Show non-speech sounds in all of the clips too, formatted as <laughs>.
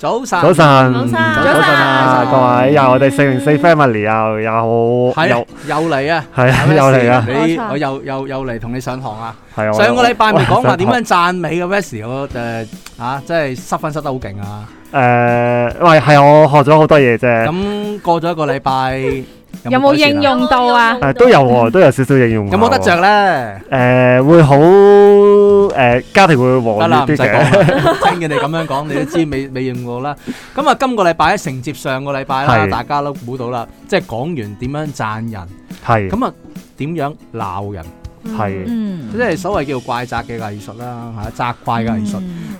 早晨，早晨，早晨啊！各位又我哋四零四 family 又又又又嚟啊！係啊，又嚟啊！你我又又又嚟同你上堂啊！係啊！上個禮拜咪講話點樣讚美個 West？我誒吓，真係失分失得好勁啊！誒，喂，係我學咗好多嘢啫。咁過咗一個禮拜。有冇應用到 <music> 啊？誒、嗯，都有，都有少少應用。有冇得着咧？誒、呃，會好，誒、呃，家庭會和樂啲嘅。得喇，唔使講。 <laughs> 聽見你咁樣講，你都知未未用過啦。咁啊，今個禮拜一承接上個禮拜啦，是大家都估到啦，即係講完點樣讚人，係咁啊，點樣鬧人，係是、嗯、即係所謂叫怪責嘅藝術啦，吓責怪嘅藝術。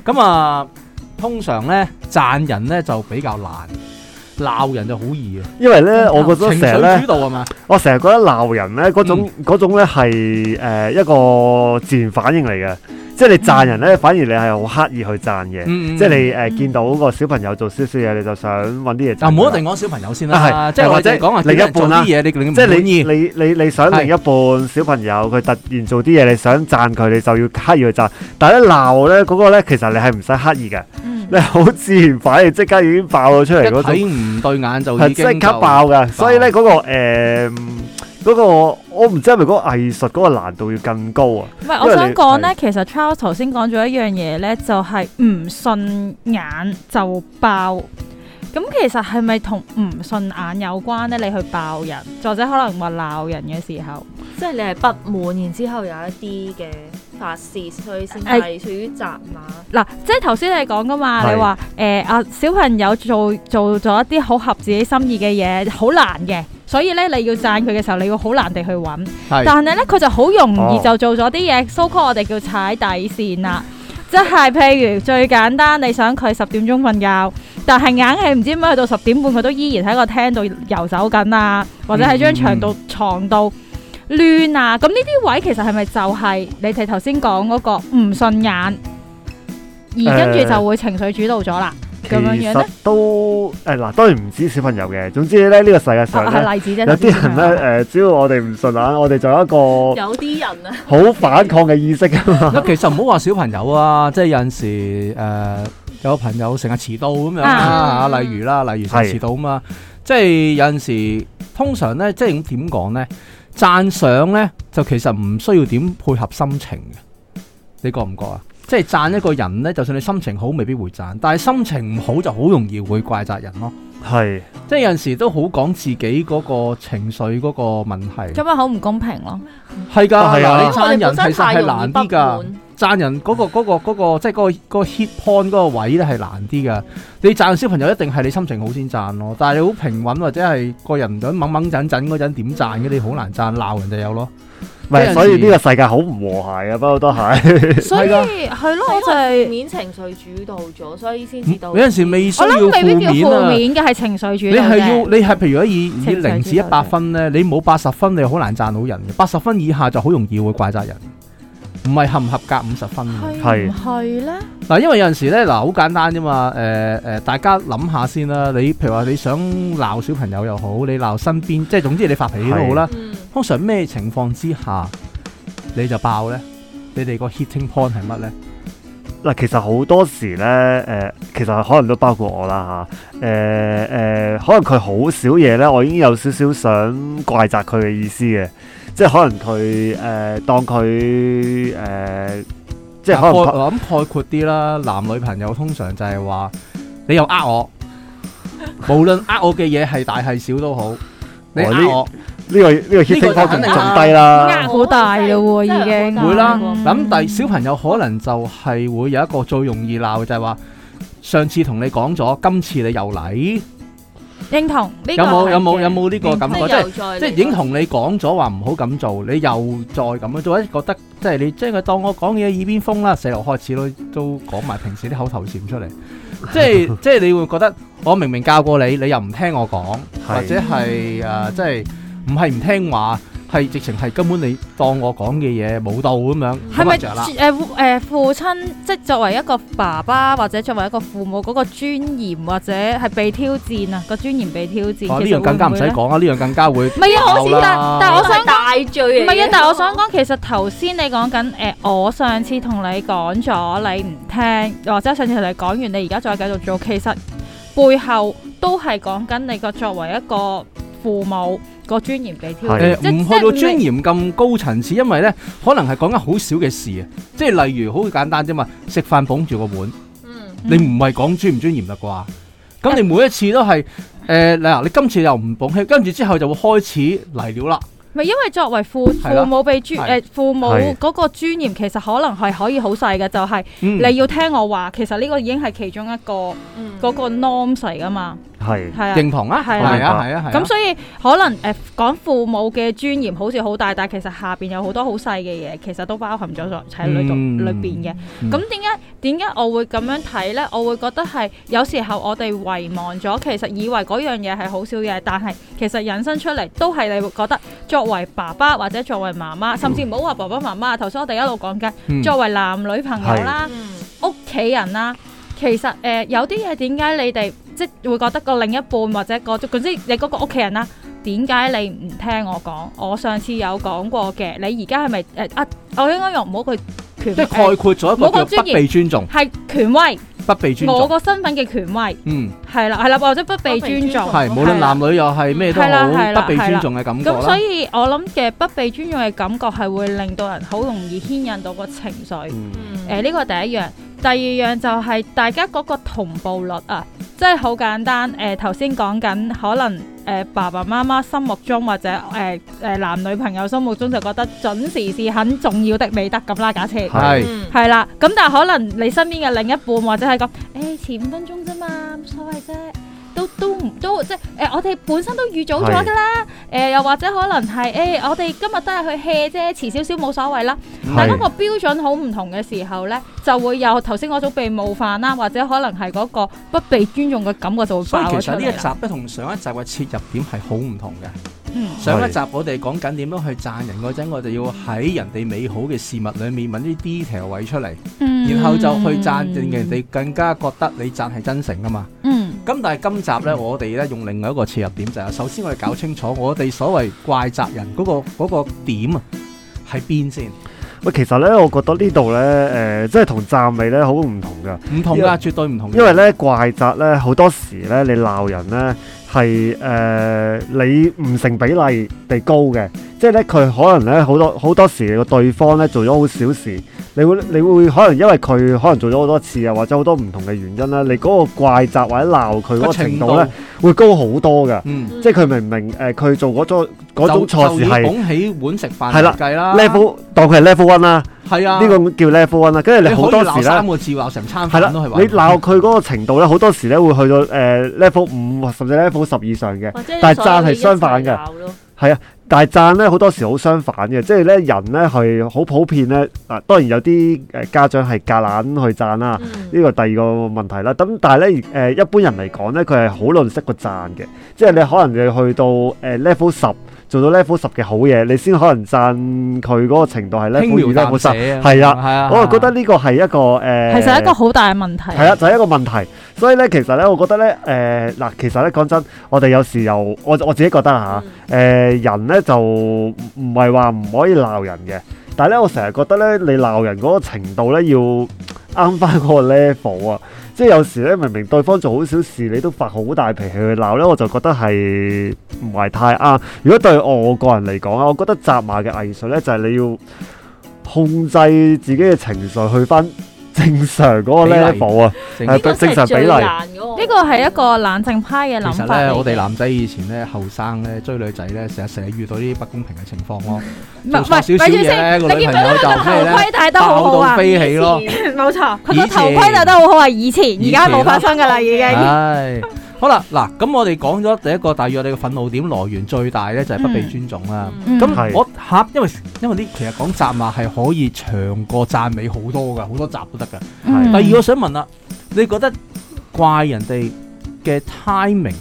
咁啊、嗯嗯，通常咧讚人咧就比較難。鬧人就好易啊！因為咧，我覺得成日咧，我成日覺得鬧人咧，嗰種嗰種咧係誒一個自然反應嚟嘅。即係你讚人咧，反而你係好刻意去讚嘅。即係你誒見到個小朋友做少少嘢，你就想揾啲嘢。啊，唔好一定講小朋友先啦，即係或者講啊另一半啦。即係你你你你想另一半小朋友佢突然做啲嘢，你想讚佢，你就要刻意去讚。但係一鬧咧嗰個咧，其實你係唔使刻意嘅。你好自然，反而即刻已經爆咗出嚟嗰種，一睇唔對眼就已經即刻爆噶。爆所以咧、嗰個，嗰、呃嗰個誒，嗰個我唔知係咪嗰個藝術嗰個難度要更高啊？唔係，我想講咧，是其實 Charles 頭先講咗一樣嘢咧，就係唔順眼就爆。咁其實係咪同唔順眼有關咧？你去爆人，或者可能話鬧人嘅時候，即係你係不滿，然後之後有一啲嘅。發事，所以先係屬於雜碼。嗱、哎，即係頭先你講噶嘛，是你話誒啊小朋友做做咗一啲好合自己心意嘅嘢，好難嘅，所以咧你要讚佢嘅時候，嗯、你要好難地去揾。是但係咧佢就好容易就做咗啲嘢，so call 我哋叫踩底線啦。即係譬如最簡單，你想佢十點鐘瞓覺，但係硬係唔知點解去到十點半佢都依然喺個廳度遊走緊啊，或者喺張床度牀度。嗯嗯亂啊！咁呢啲位其實係咪就係你哋頭先講嗰個唔順眼，而跟住就會情緒主導咗啦？咁樣樣咧？都誒嗱，當然唔止小朋友嘅。總之咧，呢個世界上面咧，有啲人咧誒，只要我哋唔順眼，我哋就有一個有啲人啊，好反抗嘅意識啊嘛。咁其實唔好話小朋友啊，即係有陣時誒，有朋友成日遲到咁樣啊，例如啦，例如成遲到啊嘛，即係有陣時通常咧，即係點講咧？讚賞呢，就其實唔需要點配合心情嘅，你覺唔覺啊？即係讚一個人呢，就算你心情好，未必會讚，但係心情唔好就好容易會怪責人咯。係是，即係有陣時都好講自己嗰個情緒嗰個問題。做乜好唔公平咯。係噶的，係啊，你讚人其實係難啲噶。讚人嗰個嗰個嗰個即係嗰個嗰個 hit point 嗰個位咧，係難啲噶，你讚小朋友一定係你心情好先讚咯。但係你好平穩或者係個人咁掹掹陣陣嗰陣，點讚嘅，你好難讚，鬧人就有咯。唔，所以呢個世界好唔和諧啊！不過都係，所以係咯，就係負面情緒主導咗，所以先至有陣時未必要負面嘅係情緒主導你。你係要你係譬如話以以零至一百分咧，你冇八十分你好難讚到人嘅，八十分以下就好容易會怪責人。唔係合唔合格五十分，係唔係咧？嗱，因為有陣時咧，嗱，好簡單啫嘛。誒、呃、誒、呃，大家諗下先啦。你譬如話你想鬧小朋友又好，你鬧身邊，即係總之你發脾氣都好啦。是通常咩情況之下你就爆咧？你哋個 hitting point 係乜咧？嗱，其實好多時咧，誒、呃，其實可能都包括我啦吓。誒、呃、誒、呃，可能佢好少嘢咧，我已經有少少想怪責佢嘅意思嘅。即係可能佢誒、呃，當佢誒、呃，即係可能我諗概括啲啦，男女朋友通常就係話，你又呃我， <laughs> 無論呃我嘅嘢係大係小都好， <laughs> 你呃我呢、哦這個呢、這個血腥方程仲低啦，呃好、啊、大啦，已經會啦。咁、嗯、但小朋友可能就係會有一個最容易鬧嘅就係、是、話，上次同你講咗，今次你又嚟。認同、這個、有冇有冇的有冇呢同個感覺，即係是即係已經同你講咗話唔好咁做，你又再咁樣做，覺得即係你即係當我講嘢耳邊風啦，細路開始都都講埋平時啲口頭禪出嚟， <laughs> 即係即係你會覺得我明明教過你，你又唔聽我講， <laughs> 或者係誒、 <laughs> 啊、即係唔係唔聽話。係直情係根本你當我講嘅嘢冇到咁樣，係咪？誒、呃、誒，父親即係作為一個爸爸或者作為一個父母嗰個尊嚴或者係被挑戰啊，個尊嚴被挑戰。呢樣更加唔使講啊，呢樣更加會唔係啊！好但係，但我想大罪唔係啊！但我想講其實頭先你講緊誒，我上次同你講咗你唔聽，或者上次同你講完你而家再繼續做，其實背後都係講緊你個作為一個。父母個尊嚴俾挑戰，唔、呃、即係唔去到尊嚴咁高層次，因為呢可能係講緊好少嘅事啊，即係例如好簡單啫嘛，食飯捧住個碗，嗯、你唔係講尊唔尊嚴嘅啩？咁你每一次都係誒嗱，你今次又唔捧起，跟住之後就會開始嚟了啦。唔因為作為父父母，被尊誒父母嗰個尊嚴其實可能係可以好細嘅，就係你要聽我話，其實呢個已經係其中一個嗰個 norm 嚟噶嘛。係係啊認同啊係啊係啊係啊。係咁所以可能誒講父母嘅尊嚴好似好大，但係其實下邊有好多好細嘅嘢，其實都包含咗在喺裏度裏邊嘅。咁點解點解我會咁樣睇咧？我會覺得係有時候我哋遺忘咗，其實以為嗰樣嘢係好少嘢，但係其實引申出嚟都係你會覺得作作為爸爸或者作為媽媽，甚至唔好話爸爸媽媽。頭先我哋一路講嘅，嗯、作為男女朋友啦、屋企人啦，其實誒、呃、有啲嘢，點解你哋即係會覺得個另一半或者個總之你嗰個屋企人啦，點解你唔聽我講？我上次有講過嘅，你而家係咪誒啊？我應該用唔好佢。即概括咗一個叫不被尊重，係權威，不被尊重，我個身份嘅權威，嗯，係啦，係啦，或者不被尊重，係無論男女又係咩都好，不被尊重嘅感覺。咁所以我諗嘅不被尊重嘅感覺係會令到人好容易牽引到個情緒，誒呢個第一樣，第二樣就係大家嗰個同步率啊，即係好簡單，誒頭先講緊可能。誒爸爸媽媽心目中或者誒誒、呃呃、男女朋友心目中就覺得準時是很重要的美德咁啦，架車係啦，咁是、嗯、但係可能你身邊嘅另一半或者係講誒前五分鐘啫嘛，冇所謂啫。都都唔都即係誒、呃，我哋本身都預早咗㗎啦。誒是、呃，又或者可能係誒、欸，我哋今日都係去 hea 啫，遲少少冇所謂啦。是但嗰個標準好唔同嘅時候呢，就會有頭先嗰種被冒犯啦，或者可能係嗰個不被尊重嘅感覺就會爆咗出嚟。所以其實呢一集咧同上一集嘅切入點係好唔同嘅。嗯、上一集我哋講緊點樣去贊人嗰陣，是我哋要喺人哋美好嘅事物裏面搵啲 detail 位出嚟，然後就去贊，令人哋更加覺得你贊係真誠㗎嘛。嗯嗯咁但係今集呢，我哋呢用另外一個切入點就係、是，首先我哋搞清楚我哋所謂怪責人嗰、那個嗰、那個點啊，係邊先？喂，其實呢，我覺得呢度呢，誒，即係同站位呢好唔同噶，唔同噶，為絕對唔同。因為呢怪責呢，好多時呢、呃，你鬧人呢係誒，你唔成比例地高嘅，即係呢，佢可能呢，好多好多時個對方呢做咗好小事。你會你會可能因為佢可能做咗好多次啊，或者好多唔同嘅原因啦，你嗰個怪責或者鬧佢嗰個程度咧，程度會高好多噶。嗯、即係佢明唔明誒？佢、呃、做嗰種嗰種錯事係。就捧起碗食飯係啦。level 當佢係 level one 啦。係啊，呢的個叫 level one 啦、啊。跟住你好多時咧，鬧三個字，鬧成餐飯都你鬧佢嗰個程度咧，好多時咧會去到誒、呃、level 五甚至 level 十以上嘅。者但係讚係相反嘅。係啊。但係讚咧好多時好相反嘅，即係咧人咧係好普遍咧嗱，當然有啲誒、呃、家長係夾硬去讚啦、啊，呢個、嗯、第二個問題啦。咁但係咧誒一般人嚟講咧，佢係好吝惜個讚嘅，即係你可能你去到誒、呃、level 十。做到 level 十嘅好嘢，你先可能讚佢嗰個程度係描 level 二定 level 十係啦。嗯啊、我覺得呢個係一個誒，其、呃、實一個好大嘅問題係啦、啊，就係、是、一個問題。所以咧，其實咧，我覺得咧誒嗱，其實咧講真，我哋有時又，我我自己覺得嚇誒、啊呃、人咧就唔係話唔可以鬧人嘅，但係咧我成日覺得咧你鬧人嗰個程度咧要啱翻嗰個 level 啊。即係有時咧，明明對方做好小事，你都發好大脾氣去鬧咧，我就覺得係唔係太啱。如果對我個人嚟講啊，我覺得責罵嘅藝術咧，就係、是、你要控制自己嘅情緒去分，正常嗰個 level 啊，成個正常比例。呢個係一個冷靜派嘅諗法咧，我哋男仔以前咧，後生咧追女仔咧，成日成日遇到啲不公平嘅情況咯。唔係，咪住先，你女朋友戴頭盔戴得好好啊！飛起咯。冇錯，佢個頭盔戴得好好啊，以前，而家冇發生㗎啦，已經。好啦，嗱，咁我哋講咗第一個，大約你嘅憤怒點來源最大咧，就係、是、不被尊重啦。咁、嗯嗯嗯、我嚇是，因為因為呢，其實講責罵係可以長過讚美好多噶，好多集都得噶。嗯、第二，我想問啦，你覺得怪人哋嘅 timing，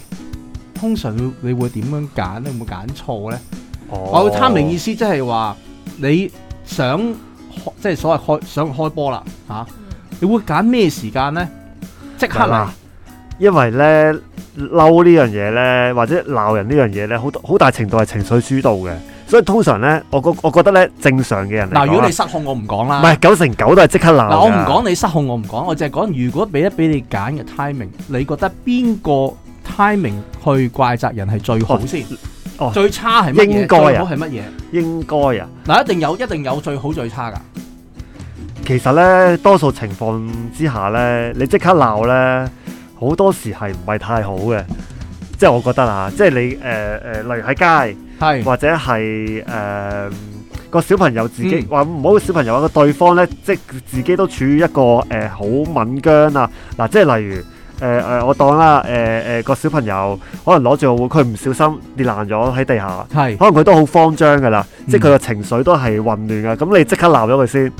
通常你會點樣揀？你會唔會揀錯咧？哦、我嘅 timing 意思即係話你想即係所謂開想開波啦嚇、啊，你會揀咩時間咧？即刻啦。因為咧，嬲呢樣嘢咧，或者鬧人呢樣嘢咧，好多好大程度係情緒主導嘅，所以通常咧，我覺我覺得咧，正常嘅人嗱，如果你失控，我唔講啦，唔係九成九都係即刻鬧。嗱，我唔講你失控，我唔講，我淨係講，如果俾一俾你揀嘅 timing，你覺得邊個 timing 去怪責人係最好先？哦，最差係乜嘢？最好係乜嘢？應該啊，嗱，一定有，一定有最好最差噶其實咧，多數情況之下咧，你即刻鬧咧。好多時係唔係太好嘅，即係我覺得啊，即係你誒誒、呃呃，例如喺街，是 或者係誒、呃、個小朋友自己話唔好嘅小朋友，個對方呢，即係自己都處於一個誒好、呃、敏感啊！嗱、啊，即係例如誒誒、呃，我當啦，誒、呃、誒、呃、個小朋友可能攞住個碗，佢唔小心跌爛咗喺地下，係是 可能佢都好慌張噶啦，嗯、即係佢個情緒都係混亂啊。咁你即刻鬧咗佢先。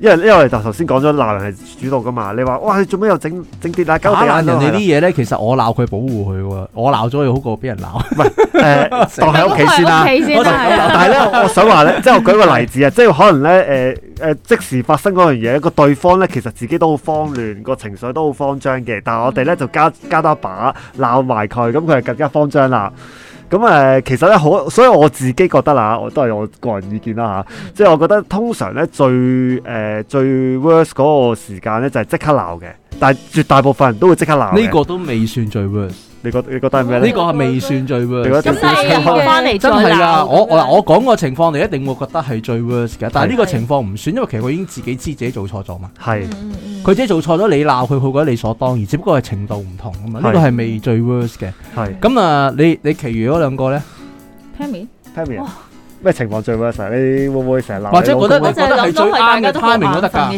因為因為頭頭先講咗鬧人係主導噶嘛，你話哇，做咩又整整跌拉交、啊、人哋啲嘢？咧，啊、其實我鬧佢保護佢，我鬧咗佢好過俾人鬧，唔係誒，呃、 <laughs> 當喺屋企先啦、啊。 <laughs> 先啊、但係咧， <laughs> 我想話咧，即係我舉個例子啊，即係可能咧，誒、呃、誒即時發生嗰樣嘢，個對方咧其實自己都好慌亂，個情緒都好慌張嘅。但係我哋咧就加加多把鬧埋佢，咁佢係更加慌張啦。咁誒、嗯，其實咧，好，所以我自己覺得啦，我都係我個人意見啦嚇，即、就、係、是、我覺得通常咧、呃，最誒最 worst 嗰個時間咧，就係即刻鬧嘅，但係絕大部分人都會即刻鬧。呢個都未算最 worst。你覺你覺得係咩咧？呢個係未算最 worst。咁但係又開翻嚟，真係啊！我我嗱，我講個情況，你一定會覺得係最 worst 嘅。但係呢個情況唔算，因為其實佢已經自己知自己做錯咗嘛。係的，佢自己做錯咗，你鬧佢，佢覺得理所當然。只不過係程度唔同啊嘛。呢的個係未最 worst 嘅。係的。咁啊，你你其餘嗰兩個咧？Pammy，Pammy。咩情況最唔好成？你會唔會成日鬧？或者覺得覺得係最啱 timing 都得㗎。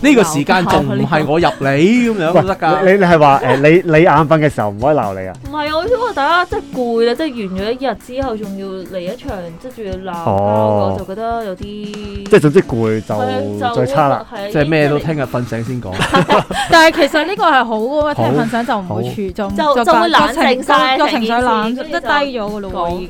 呢個時間仲唔係我入嚟咁樣都得㗎。你你係話，誒你你眼瞓嘅時候唔可以鬧你啊？唔係啊，因為大家即係攰啦，即係完咗一日之後仲要嚟一場，即係仲要鬧，我就覺得有啲即係總之攰就最差啦。即係咩都聽日瞓醒先講。但係其實呢個係好㗎嘛，聽日瞓醒就唔會處，就就就會冷靜啲，情緒冷得低咗㗎咯喎，已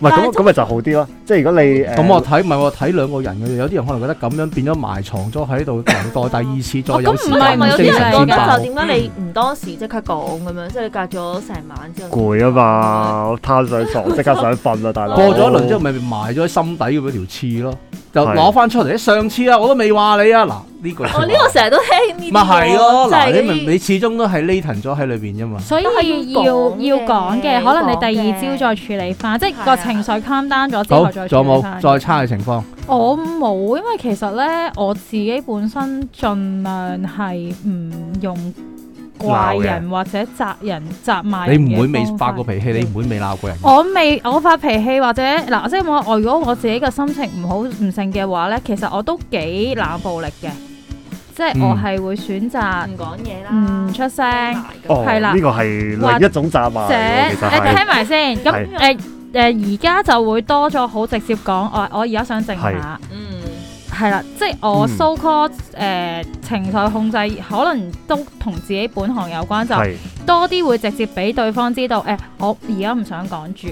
唔係咁，咁咪就，就好啲咯。即係如果你誒，咁、呃、我睇唔係喎，睇兩個人嘅。有啲人可能覺得咁樣變咗埋藏咗喺度，等待第二次再有時間正式展開。就點解你唔當時即刻講咁樣？即係你隔咗成晚之後攰啊嘛，攤上床即刻想瞓啦， <laughs> 大佬哥。過咗一輪之後，咪埋咗喺心底嗰條刺咯。就攞翻出嚟，上次啊，我都未話你啊，嗱呢、呢個。哦呢個、我呢個成日都聽。咪係咯，嗱，你你始終都係瀨騰咗喺裏邊啫嘛。所以要的要講嘅，可能你第二朝再處理翻，即係個情緒 calm down 咗之後再處理翻。再冇再差嘅情況。我冇，因為其實咧，我自己本身盡量係唔用怪人或者責人責罵，你唔會未發過脾氣，你唔會未鬧過人。我未我發脾氣或者嗱，即係我如果我自己個心情唔好唔盛嘅話咧，其實我都幾冷暴力嘅，即係我係會選擇唔講嘢啦，唔出聲，係啦，呢個係另一種責罵嚟嘅。其實聽埋先，咁誒誒，而家就會多咗好直接講，我我而家想靜下，嗯。係啦，即係我 so called、呃、e 情緒控制，可能都同自己本行有關，嗯、就多啲會直接俾對方知道，誒、呃，我而家唔想講住，誒、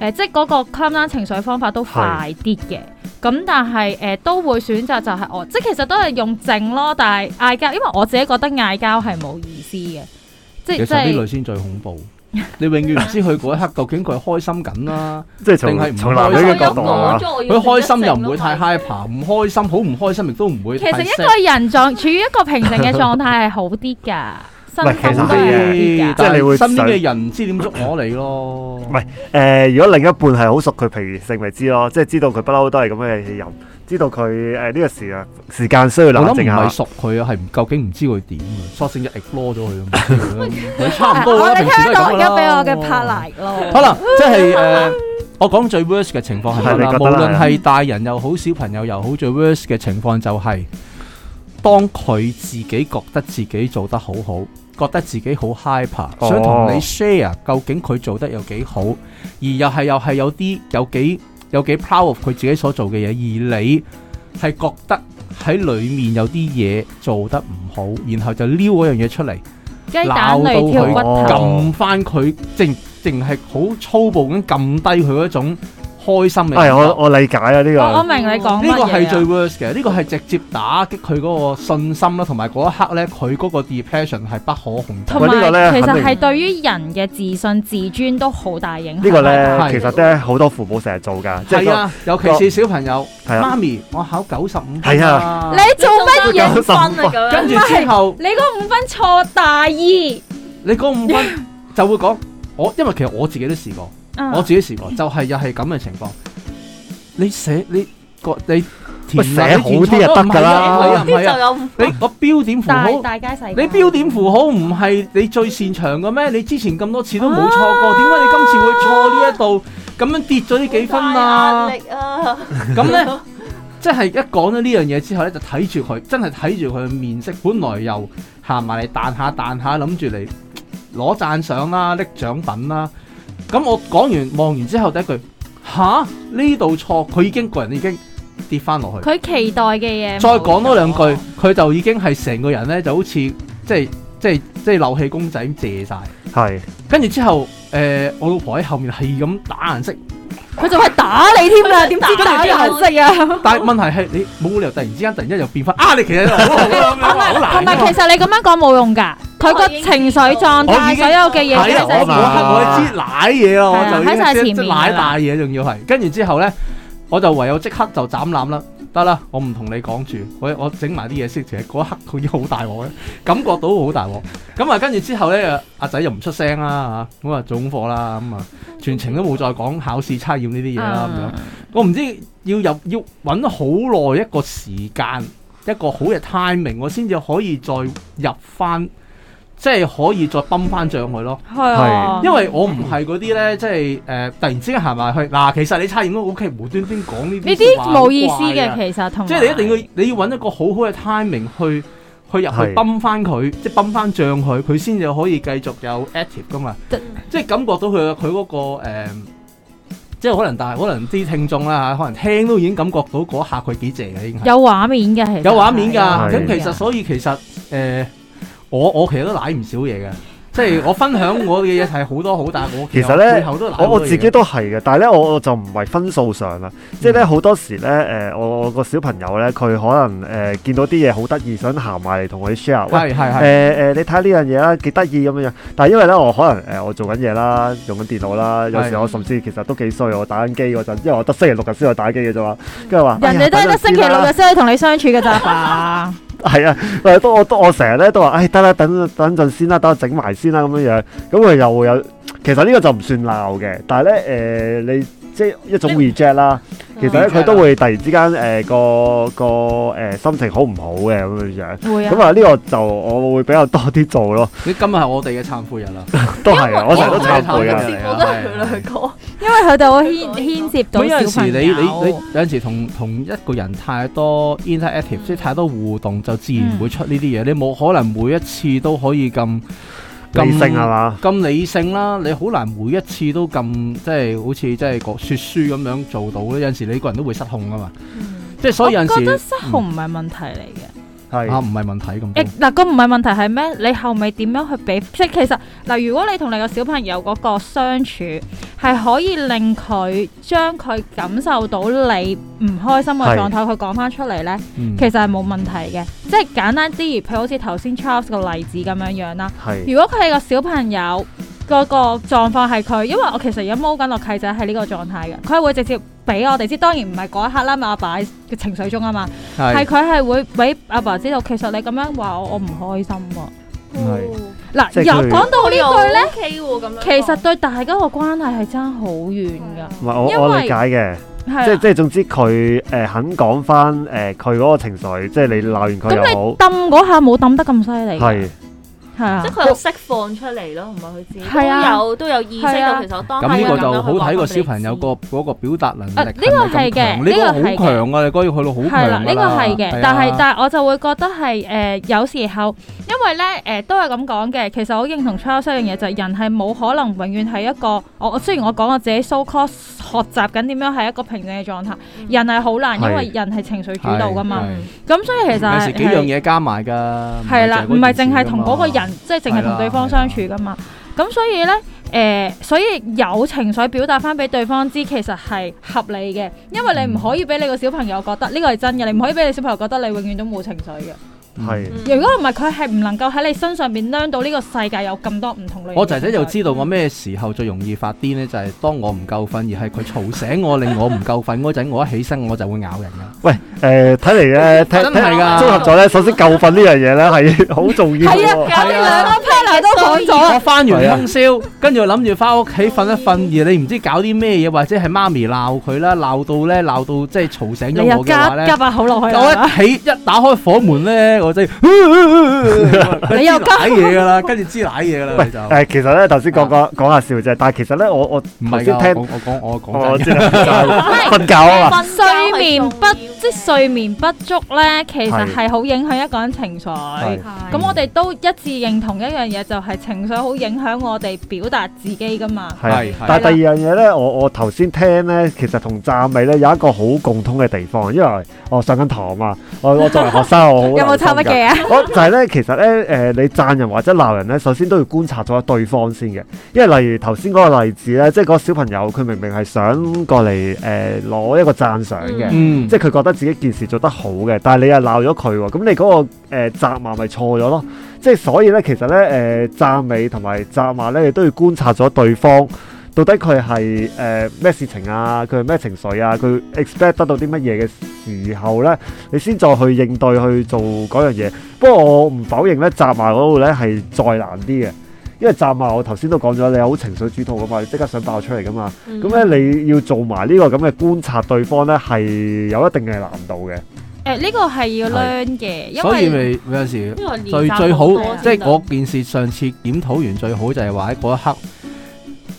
呃，即係嗰個 contain 情緒方法都快啲嘅，咁、嗯、但係誒、呃、都會選擇就係我，即係其實都係用靜咯，但係嗌交，因為我自己覺得嗌交係冇意思嘅，即係即係呢類先最恐怖。 <laughs> 你永遠唔知佢嗰一刻究竟佢係開心緊、啊、啦，即係從男仔嘅角度佢、啊、開心又唔會太 hyper、嗯，唔開心好唔開心亦都唔會。其實一個人狀處於一個平靜嘅狀態係好啲噶， <laughs> 身心都係即係你會身邊嘅人唔知點捉摸你咯。唔係誒，如果另一半係好熟佢平靜，咪知咯，即係知道佢不嬲都係咁嘅人。知道佢誒呢個事啊，時間需要冷靜下。我諗唔係熟佢啊，係究竟唔知佢點啊，索性就 explore 咗佢啊，差唔多啦，平時都咁啦。家俾我嘅拍攏咯。可能，即係誒，我講最 worst 嘅情況係點啦？無論係大人又好，小朋友又好，最 worst 嘅情況就係當佢自己覺得自己做得好好，覺得自己好 hyper，想同你 share 究竟佢做得有幾好，而又係又係有啲有幾有幾 proud of 佢自己所做嘅嘢，而你係覺得喺裡面有啲嘢做得唔好，然後就撩嗰樣嘢出嚟，鬧到佢，撳翻佢，淨淨係好粗暴咁撳低佢嗰種。開心嘅、哎，係我我理解啊呢、這個。我明你講乜嘢呢個係最 worst 嘅，呢、這個係直接打擊佢嗰個信心啦，同埋嗰一刻咧，佢嗰個 depression 係不可控同埋呢其實係對於人嘅自信、自尊都好大影響。個呢個咧，的其實咧好多父母成日做㗎，即、就、係、是啊、尤其是小朋友，媽咪是、啊、我考九十五分啊，是啊你做乜嘢分啊咁？跟住之後你嗰五分錯大意，你嗰五分就會講我，因為其實我自己都試過。我自己試過，就係、係、又係咁嘅情況。你寫你個你寫田喂好啲又得噶啦，就有。你個標點符號，大階細 <laughs> 你標點符號唔係你最擅長嘅咩？你之前咁多次都冇錯過，點解、啊、你今次會錯呢一度？咁樣跌咗呢幾分啊？咁咧、啊， <laughs> 即係一講咗呢樣嘢之後咧，就睇住佢，真係睇住佢面色，本來又行埋嚟彈下彈下，諗住嚟攞讚賞啦，搦獎品啦、啊。咁我講完望完之後第一句，吓，呢度錯，佢已經個人已經跌翻落去。佢期待嘅嘢，再講多兩句，佢就已經係成個人咧，就好似即係即係即係漏氣公仔咁借晒。係，跟住之後，誒，我老婆喺後面係咁打顏色，佢仲係打你添啊？點知咁樣打顏色啊？但係問題係你冇理由突然之間突然之間又變翻啊！你其實好難，同埋其實你咁樣講冇用噶。佢個情緒狀態，所有嘅嘢，我我即刻我知奶嘢啊。我喺曬前面，奶大嘢仲要係跟住之後咧，我就唯有即刻就斬攬啦，得啦，我唔同你講住，我我整埋啲嘢先，其實嗰一刻好似好大鑊嘅，感覺到好大鑊。咁啊，跟住之後咧，阿仔又唔出聲啦嚇，咁啊做功課啦，咁啊全程都冇再講考試測驗呢啲嘢啦咁樣。我唔知要入要揾好耐一個時間，一個好嘅 timing，我先至可以再入翻。即係可以再泵翻漲佢咯，係啊，因為我唔係嗰啲咧，即係誒、呃、突然之間行埋去嗱，其實你差唔都 OK 無端端講呢啲呢啲冇意思嘅，其實同即係你一定要你要揾一個好好嘅 timing 去去入去泵翻佢，是即係泵翻漲佢，佢先至可以繼續有 active 噶嘛，這即係感覺到佢佢嗰個、呃、即係可能大可能啲聽眾啦嚇，可能聽都已經感覺到嗰刻佢幾正嘅已經有畫面嘅係有畫面㗎，咁、啊、其實,、啊、其實所以其實誒。呃呃我我其實都攋唔少嘢嘅，即係我分享我嘅嘢係好多好大。其實咧我自己都係嘅，但係咧我就唔係分數上啦，即係咧好多時咧誒、呃，我我個小朋友咧佢可能誒、呃、見到啲嘢好得意，想行埋嚟同我 share。喂，係係、呃呃呃。你睇下呢樣嘢啦，幾得意咁樣。但係因為咧我可能誒、呃、我做緊嘢啦，用緊電腦啦，有時我甚至其實都幾衰，我打緊機嗰陣，因為我得星期六日先去打機嘅啫嘛。哎、跟住話，人哋都係得星期六日先去同你相處嘅咋 <laughs> <laughs> 係啊，但係都我都我成日咧都話，唉、哎，得啦，等等陣先啦，等我整埋先啦，咁樣樣，咁佢又會有，其實呢個就唔算鬧嘅，但係咧，誒、呃、你。即係一種 reject 啦，其實咧佢都會突然之間誒個個誒心情好唔好嘅咁嘅樣。會咁啊，呢個就我會比較多啲做咯。你今日係我哋嘅懺悔人啊，都係啊，我成日都懺悔人嚟啊。因為佢哋會牽牽涉到。有陣時你你你有陣時同同一個人太多 interactive，即係太多互動就自然會出呢啲嘢。你冇可能每一次都可以咁。咁理性啦，性你好難每一次都咁，即係好似即係講說書咁樣做到咧，有陣時你個人都會失控啊嘛，嗯，即係所以有陣時我覺得失控唔係問題嚟嘅。嗯係啊，唔係問題咁。誒嗱，個唔係問題係咩？你後尾點樣去俾？即係其實嗱，如果你同你個小朋友嗰個相處係可以令佢將佢感受到你唔開心嘅狀態，佢講翻出嚟咧，嗯、其實係冇問題嘅。即係簡單之餘，譬如好似頭先 Charles 個例子咁樣樣啦。是如果佢係個小朋友嗰個狀況係佢，因為我其實而家摸緊落契仔係呢個狀態嘅，佢會直接。俾我哋知，當然唔係嗰一刻啦，嘛阿爸嘅情緒中啊嘛，係佢係會俾阿爸知道，其實你咁樣話我，我唔開心啊。嗱，又講到呢句咧，其實對大家個關係係爭好遠噶。唔係我我理解嘅，即即總之佢誒肯講翻誒佢嗰個情緒，即係你鬧完佢又好。咁你揼嗰下冇揼得咁犀利。係啊，即係佢釋放出嚟咯，同埋佢自己都有都有意識到。其實我當下有冇去落？咁呢個就好睇個小朋友個嗰個表達能力。啊，呢個係嘅，呢個好強啊！你講要去到好強。係啦，呢個係嘅，但係但係我就會覺得係誒有時候，因為咧誒都係咁講嘅。其實我認同 Charles 一樣嘢，就係人係冇可能永遠係一個我我雖然我講我自己 so call 學習緊點樣係一個平靜嘅狀態，人係好難，因為人係情緒主導㗎嘛。咁所以其實係幾樣嘢加埋㗎。係啦，唔係淨係同嗰個人。即係淨係同對方相處㗎嘛，咁所以呢，誒、呃，所以有情緒表達翻俾對方知，其實係合理嘅，因為你唔可以俾你個小朋友覺得呢個係真嘅，你唔可以俾你小朋友覺得你永遠都冇情緒嘅。係，如果唔係佢係唔能夠喺你身上面 run 到呢個世界有咁多唔同類型。我仔仔就知道我咩時候最容易發癲呢，就係當我唔夠瞓，而係佢嘈醒我，令我唔夠瞓嗰陣，我一起身我就會咬人噶。喂，誒，睇嚟咧，真係噶，綜合咗咧，首先夠瞓呢樣嘢咧係好重要。係啊，有呢兩個 partner 都講咗。我翻完通宵，跟住諗住翻屋企瞓一瞓，而你唔知搞啲咩嘢，或者係媽咪鬧佢啦，鬧到咧鬧到即係嘈醒咗嘅話夾夾把口落去，一起一打開火門咧。我真你又解嘢噶啦，跟住知解嘢噶啦。唔係喂就、呃，其實咧頭先講個講下笑啫，但係其實咧我我唔係先聽，我講我講，我講真，瞓 <laughs> 覺啊了嘛，睡，睡眠不。即係睡眠不足咧，其實係好影響一個人情緒。咁是我哋都一致認同一樣嘢，就係、是、情緒好影響我哋表達自己噶嘛係啊是，的但係第二樣嘢咧，我我頭先聽咧，其實同讚美咧有一個好共通嘅地方，因為我上緊堂啊，嘛，我我作為學生我，我 <laughs> 有冇抄筆記啊？我就係咧，其實咧，誒、呃、你讚人或者鬧人咧，首先都要觀察咗對方先嘅。因為例如頭先嗰個例子咧，即係個小朋友，佢明明係想過嚟誒攞一個讚賞嘅，嗯、即係佢覺得。自己件事做得好嘅，但係你又鬧咗佢，咁你嗰、嗰個誒責罵咪錯咗咯？即係所以咧，其實咧，誒、呃、讚美同埋責罵咧，你都要觀察咗對方到底佢係誒咩事情啊，佢係咩情緒啊，佢 expect 得到啲乜嘢嘅時候咧，你先再去應對去做嗰樣嘢。不過我唔否認咧，責罵嗰度咧係再難啲嘅。因為站埋，我頭先都講咗，你係好情緒主導噶嘛，你即刻想爆出嚟噶嘛。咁咧，你要做埋呢個咁嘅觀察對方咧，係有一定嘅難度嘅。誒，呢個係要 learn 嘅，所以咪有時最最好，即係嗰件事上次檢討完最好就係話喺嗰一刻，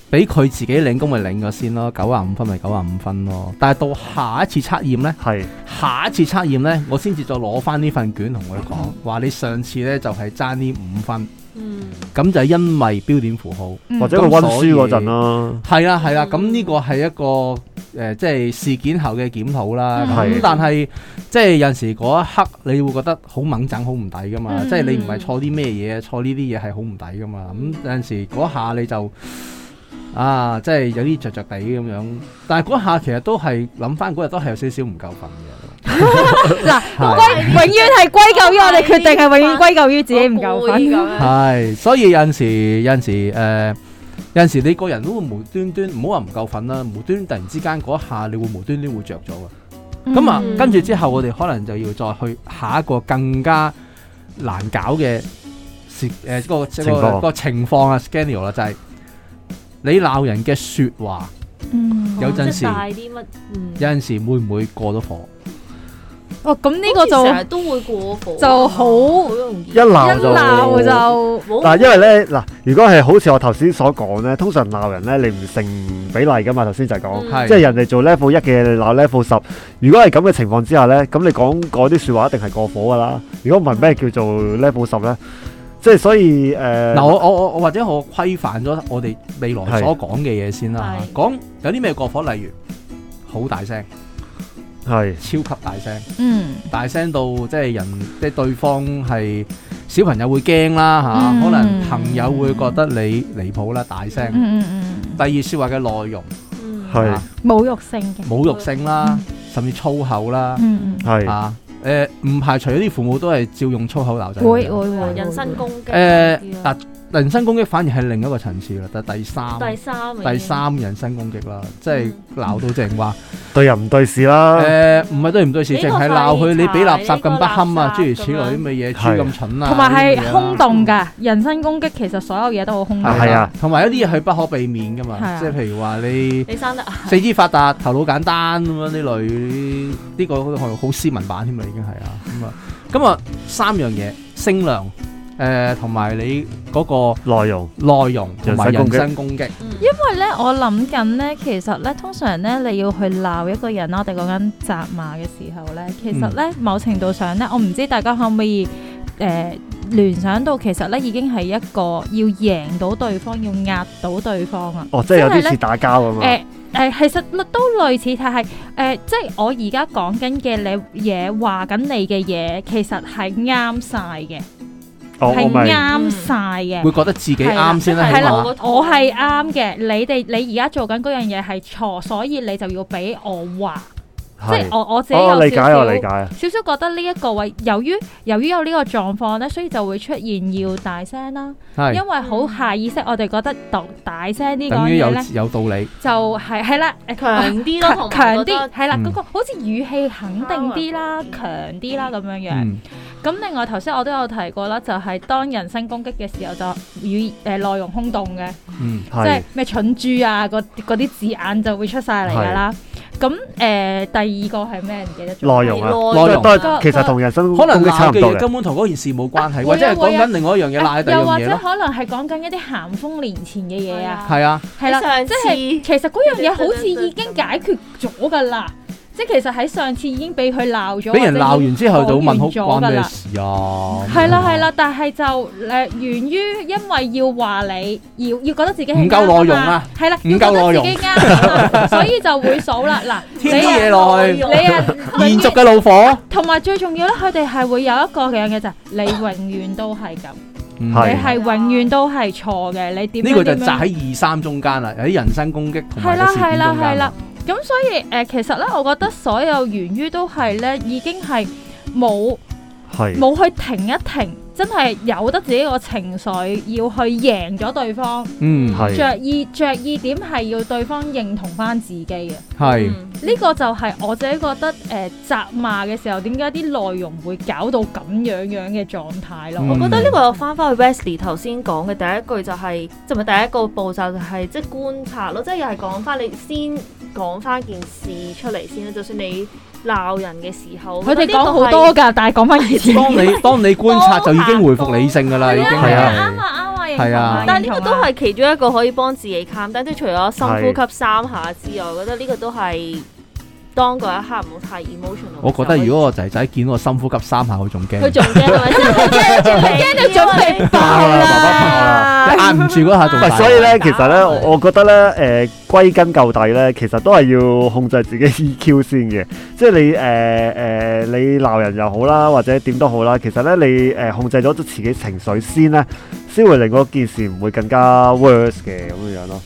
俾佢自己領功咪領咗先咯，九啊五分咪九啊五分咯。但係到下一次測驗咧，係下一次測驗咧，我先至再攞翻呢份卷同佢講話，你上次咧就係爭呢五分。嗯，咁就係因為標點符號，嗯、或者佢温書嗰陣啦，係啦係啦，咁呢個係一個誒、啊啊啊啊呃，即係事件後嘅檢討啦。咁、嗯、但係即係有陣時嗰一刻你會覺得好猛掙，好唔抵噶嘛。嗯、即係你唔係錯啲咩嘢，錯呢啲嘢係好唔抵噶嘛。咁有陣時嗰下你就啊，即係有啲着着地咁樣。但係嗰下其實都係諗翻嗰日都係有少少唔夠瞓嘅。嗱，永遠係歸咎於我哋決定，係永遠歸咎於自己唔夠瞓。係，所以有陣時，有陣時，誒，有陣時你個人都會無端端，唔好話唔夠瞓啦。無端端突然之間嗰一下，你會無端端會着咗嘅。咁啊，跟住之後，我哋可能就要再去下一個更加難搞嘅事誒，個個個情況啊 scenario 啦，就係你鬧人嘅說話，有陣時有陣時會唔會過咗火？哦，咁呢個就成日都會過火，啊，就好容易一鬧就嗱，一就因為咧嗱，如果係好似我頭先所講咧，通常鬧人咧，你唔成比例噶嘛。頭先就係講，嗯、即係人哋做 level 一嘅，你鬧 level 十，如果係咁嘅情況之下咧，咁你講嗰啲說話一定係過火噶啦。嗯、如果唔係咩叫做 level 十咧，即係、嗯、所以誒，嗱、呃、我我我我或者我規範咗我哋未來所講嘅嘢先啦，講是是有啲咩過火，例如好大聲。係超級大聲，嗯，大聲到即係人，即係對方係小朋友會驚啦嚇，可能朋友會覺得你離譜啦，大聲，嗯嗯，第二，說話嘅內容，嗯，係侮辱性嘅，侮辱性啦，甚至粗口啦，嗯，係啊，誒，唔排除啲父母都係照用粗口鬧仔。會會，人身攻擊。誒，嗱。人身攻擊反而係另一個層次啦，但係第三第三第三人身攻擊啦，即係鬧到即係話對人唔對事啦。誒，唔係對唔對事，淨係鬧佢，你畀垃圾咁不堪啊！諸如此類啲咩嘢豬咁蠢啊，同埋係空洞㗎。人身攻擊其實所有嘢都好空洞。係啊，同埋一啲嘢係不可避免㗎嘛。即係譬如話你你生得四肢發達、頭腦簡單咁樣呢類，呢個係好斯文版添啦，已經係啊咁啊。咁啊，三樣嘢聲量。誒，同埋你嗰個內容內容，同埋人身攻擊，因為咧，我諗緊咧，其實咧，通常咧，你要去鬧一個人啦，我哋講緊責罵嘅時候咧，其實咧，某程度上咧，我唔知大家可唔可以誒聯想到，其實咧已經係一個要贏到對方，要壓到對方啊！哦，即係有啲似打交咁樣！誒誒，其實都類似，但係誒，即係我而家講緊嘅你嘢，話緊你嘅嘢，其實係啱曬嘅。係啱晒嘅，哦、會覺得自己啱先啦。係啦、嗯，我係啱嘅。你哋你而家做緊嗰樣嘢係錯，所以你就要俾我話。即係我我自己有理解，我理解，少少少少覺得呢一個位，由於由於有呢個狀況咧，所以就會出現要大聲啦。因為好下意識，我哋覺得讀大聲啲。講嘢咧，有道理。就係係啦，強啲咯，強啲係啦。嗰個好似語氣肯定啲啦，強啲啦咁樣樣。咁另外頭先我都有提過啦，就係當人身攻擊嘅時候，就語誒內容空洞嘅。嗯，即係咩蠢豬啊，嗰嗰啲字眼就會出晒嚟噶啦。咁誒，第二個係咩唔記得咗？內容啊，內容都係其實同人生可能嘅差唔多，根本同嗰件事冇關係，或者係講緊另外一樣嘢，啊，又或者可能係講緊一啲咸豐年前嘅嘢啊？係啊，係啦，即係其實嗰樣嘢好似已經解決咗㗎啦。即係其實喺上次已經俾佢鬧咗，俾人鬧完之後就問好咗關咩事啊？係啦係啦，但係就誒源於因為要話你，要要覺得自己唔夠內容啊，係啦，唔夠內容，所以就會數啦。嗱，添啲嘢落去，延續嘅怒火。同埋最重要咧，佢哋係會有一個樣嘅就係，你永遠都係咁，你係永遠都係錯嘅。你點呢個就紮喺二三中間啦，有啲人身攻擊同埋嘅事件中間。咁所以，誒、呃、其實咧，我覺得所有源於都係咧，已經係冇冇去停一停，真係有得自己個情緒要去贏咗對方。嗯，係著意著意點係要對方認同翻自己嘅。係呢是、嗯這個就係我自己覺得誒、呃、責罵嘅時候，點解啲內容會搞到咁樣樣嘅狀態咯？嗯、我覺得呢個翻翻去 Wesley 頭先講嘅第一句就係、是，就咪、是、第一個步驟就係即係觀察咯，即、就、係、是、又係講翻你先。講翻件事出嚟先啦，就算你鬧人嘅時候，佢哋講好多㗎，但係講翻嚟。當你當你觀察就已經回復理性㗎啦，已經係呀。啱啊啱啊，係呀，但係呢個都係其中一個可以幫自己 calm down 即係除咗深呼吸三下之外，我覺得呢個都係。當嗰一刻唔好太 emotional。我覺得如果個仔仔見我深呼吸三下，佢仲驚。佢仲驚，因為佢驚到仲驚爆啦，爸爸。爆啦，你壓唔住嗰下仲係。所以咧，其實咧，我呢我覺得咧，誒、呃、歸根究底咧，其實都係要控制自己 EQ 先嘅。即係你誒誒、呃呃，你鬧人又好啦，或者點都好啦。其實咧，你誒控制咗自己情緒先咧，先會令嗰件事唔會更加 worse 嘅咁樣樣咯。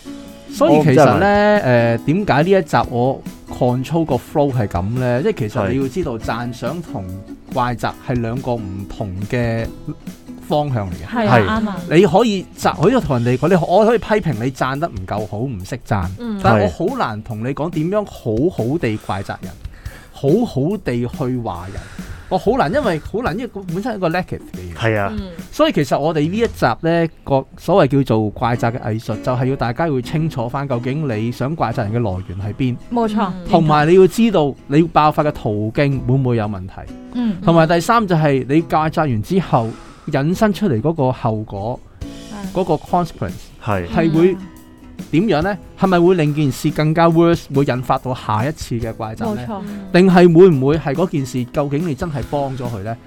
所以其實呢，誒點解呢一集我 control 個 flow 係咁呢？即係其實你要知道，啊、讚賞同怪責係兩個唔同嘅方向嚟嘅，係啱、啊、你可以讚，可以同人哋講，你可我可以批評你讚得唔夠好，唔識讚，嗯、但係我好難同你講點樣好好地怪責人，好好地去話人。我好、哦、難，因為好難，因為本身一個 negative 嘅嘢。係啊、嗯，所以其實我哋呢一集呢個所謂叫做怪責嘅藝術，就係、是、要大家會清楚翻，究竟你想怪責人嘅來源喺邊？冇錯錯。同埋你要知道，你爆發嘅途徑會唔會有問題？嗯。同埋第三就係你怪責完之後，引申出嚟嗰個後果，嗰、嗯、個 consequence 係係會。點樣呢？係咪會令件事更加 worse？會引發到下一次嘅怪責呢？定係會唔會係嗰件事？究竟你真係幫咗佢呢？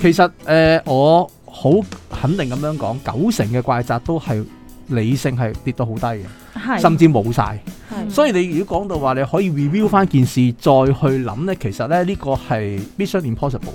其實誒，我好肯定咁樣講，九成嘅怪責都係理性係跌到好低嘅，甚至冇晒。係所以你如果講到話，你可以 review 翻件事再去諗呢，其實呢呢個係 mission impossible。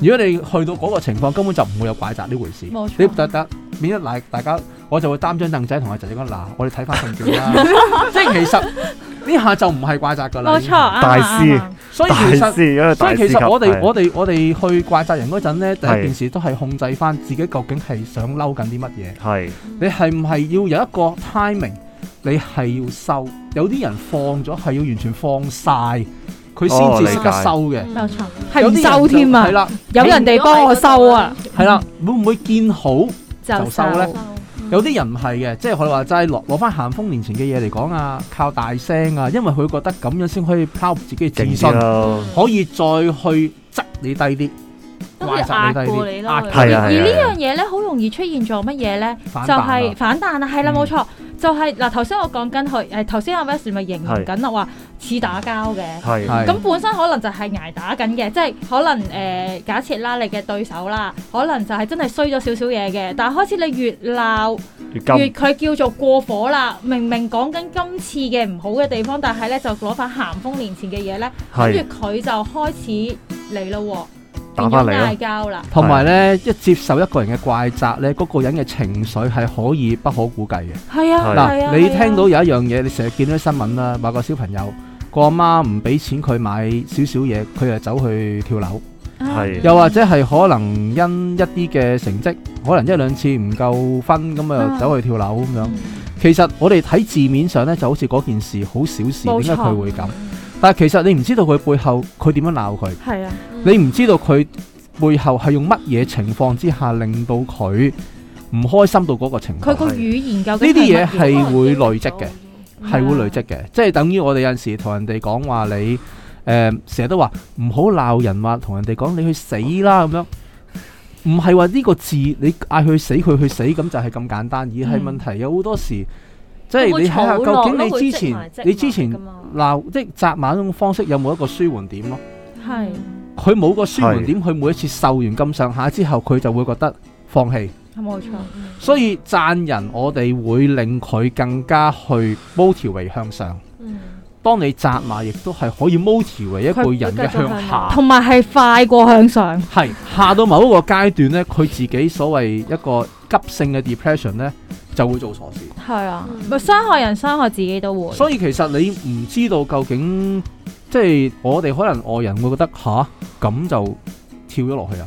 如果你去到嗰個情況，根本就唔會有怪責呢回事。冇錯，你等等，免得大家，我就會擔張凳仔同阿侄仔講嗱，我哋睇翻份卷啦。 <laughs> <laughs> 即係其實呢下就唔係怪責噶啦。冇錯啊，大師。所以其實，所以其實我哋是我哋我哋去怪責人嗰陣咧，第一件事都係控制翻自己究竟係想嬲緊啲乜嘢。係你係唔係要有一個 timing？你係要收，有啲人放咗係要完全放晒。佢先至識得收嘅，冇錯，係唔收添啊！有人哋幫我收啊！係啦，會唔會見好就收咧？有啲人唔係嘅，即係佢哋話齋攞攞翻咸豐年前嘅嘢嚟講啊，靠大聲啊，因為佢覺得咁樣先可以拋棄自己嘅自信，可以再去擠你低啲，壓低過你咯。係而呢樣嘢咧，好容易出現做乜嘢咧？就係反彈啊，係啦，冇錯。就係、是、嗱，頭、啊、先我講緊佢，誒頭先阿 Vinny 咪形容緊啦，話似打交嘅，咁是本身可能就係捱打緊嘅，即係可能誒、呃、假設啦，你嘅對手啦，可能就係真係衰咗少少嘢嘅，但係開始你越鬧越佢急叫做過火啦，明明講緊今次嘅唔好嘅地方，但係咧就攞翻咸豐年前嘅嘢咧，跟住佢就開始嚟咯喎。打翻嚟咯，同埋呢、啊、一接受一個人嘅怪責呢嗰、嗰個人嘅情緒係可以不可估計嘅。係啊，嗱、啊，啊、你聽到有一樣嘢，啊、你成日見到啲新聞啦，話個小朋友個阿媽唔俾錢佢買少少嘢，佢就走去跳樓。啊、又或者係可能因一啲嘅成績，可能一兩次唔夠分，咁啊走去跳樓咁樣。其實我哋睇字面上呢，就好似嗰件事好小事，點解佢會咁？但係其實你唔知道佢背後佢點樣鬧佢。係啊。你唔知道佢背後係用乜嘢情況之下令到佢唔開心到嗰個情況。佢個語言究竟呢啲嘢係會累積嘅，係會累積嘅。即係等於我哋有陣時同人哋講話，你誒，成日都話唔好鬧人，話同人哋講你去死啦咁樣。唔係話呢個字，你嗌佢死，佢去死，咁就係咁簡單。而係問題有好多時，即係你睇下究竟你之前，你之前鬧，即係責罵嗰種方式有冇一個舒緩點咯？係。佢冇個舒緩點，佢每一次受完咁上下之後，佢就會覺得放棄，係冇錯。所以讚人，我哋會令佢更加去 motivate 向上。嗯、當你責罵，亦都係可以 motivate 一個人嘅向下，同埋係快過向上。係下到某一個階段呢，佢自己所謂一個急性嘅 depression 呢，就會做傻事。係、嗯、啊，傷、嗯、害人，傷害自己都會。所以其實你唔知道究竟。即係我哋可能外人會覺得吓，咁就跳咗落去啊。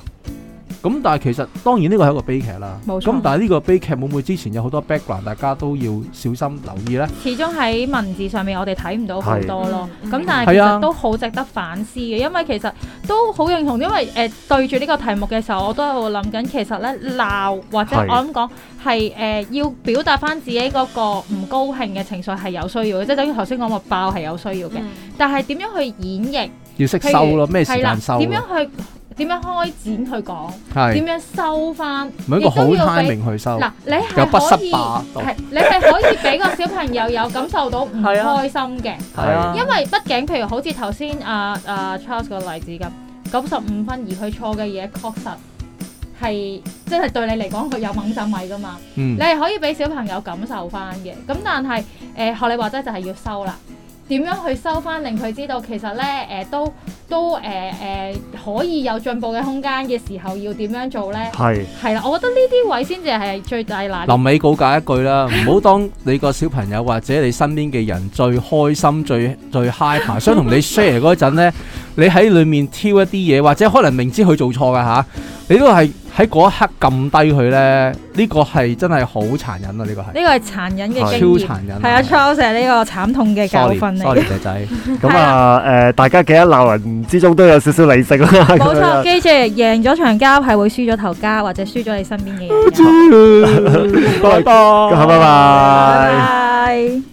咁但係其實當然呢個係一個悲劇啦。冇錯。咁但係呢個悲劇會唔會之前有好多 background，大家都要小心留意咧。始終喺文字上面我，我哋睇唔到好多咯。咁但係其實都好值得反思嘅，因為其實都好認同。因為誒、呃、對住呢個題目嘅時候，我都有諗緊其實咧鬧或者是我諗講係誒要表達翻自己嗰個唔高興嘅情緒係有需要嘅，即係等於頭先講話爆係有需要嘅。嗯、但係點樣去演繹？要識收咯，咩如時間收？點樣去？點樣開展去講？點樣收翻？唔係一個好坦明去收。嗱，你係可以，你係可以俾個小朋友有感受到唔開心嘅。係啊，因為畢竟，譬如好似頭先阿阿 Charles 個例子咁，九十五分而佢錯嘅嘢確實係，即係對你嚟講佢有掹手尾㗎嘛。嗯，你係可以俾小朋友感受翻嘅。咁但係，誒學你話齋就係要收啦。點樣去收翻，令佢知道其實咧，誒都。都誒誒可以有進步嘅空間嘅時候，要點樣做咧？係係啦，我覺得呢啲位先至係最大難。臨尾告解一句啦，唔好當你個小朋友或者你身邊嘅人最開心、最最 high 想同你 share 嗰陣咧，你喺裡面挑一啲嘢，或者可能明知佢做錯㗎吓，你都係喺嗰一刻撳低佢咧。呢個係真係好殘忍啊！呢個係呢個係殘忍嘅經驗，超殘忍係啊！挫折，呢個慘痛嘅教訓多謝仔咁啊誒！大家記得鬧人。之中都有少少利息啦。冇錯，基姐 <laughs> 贏咗場交係會輸咗頭家，或者輸咗你身邊嘅嘢。唔該，拜拜。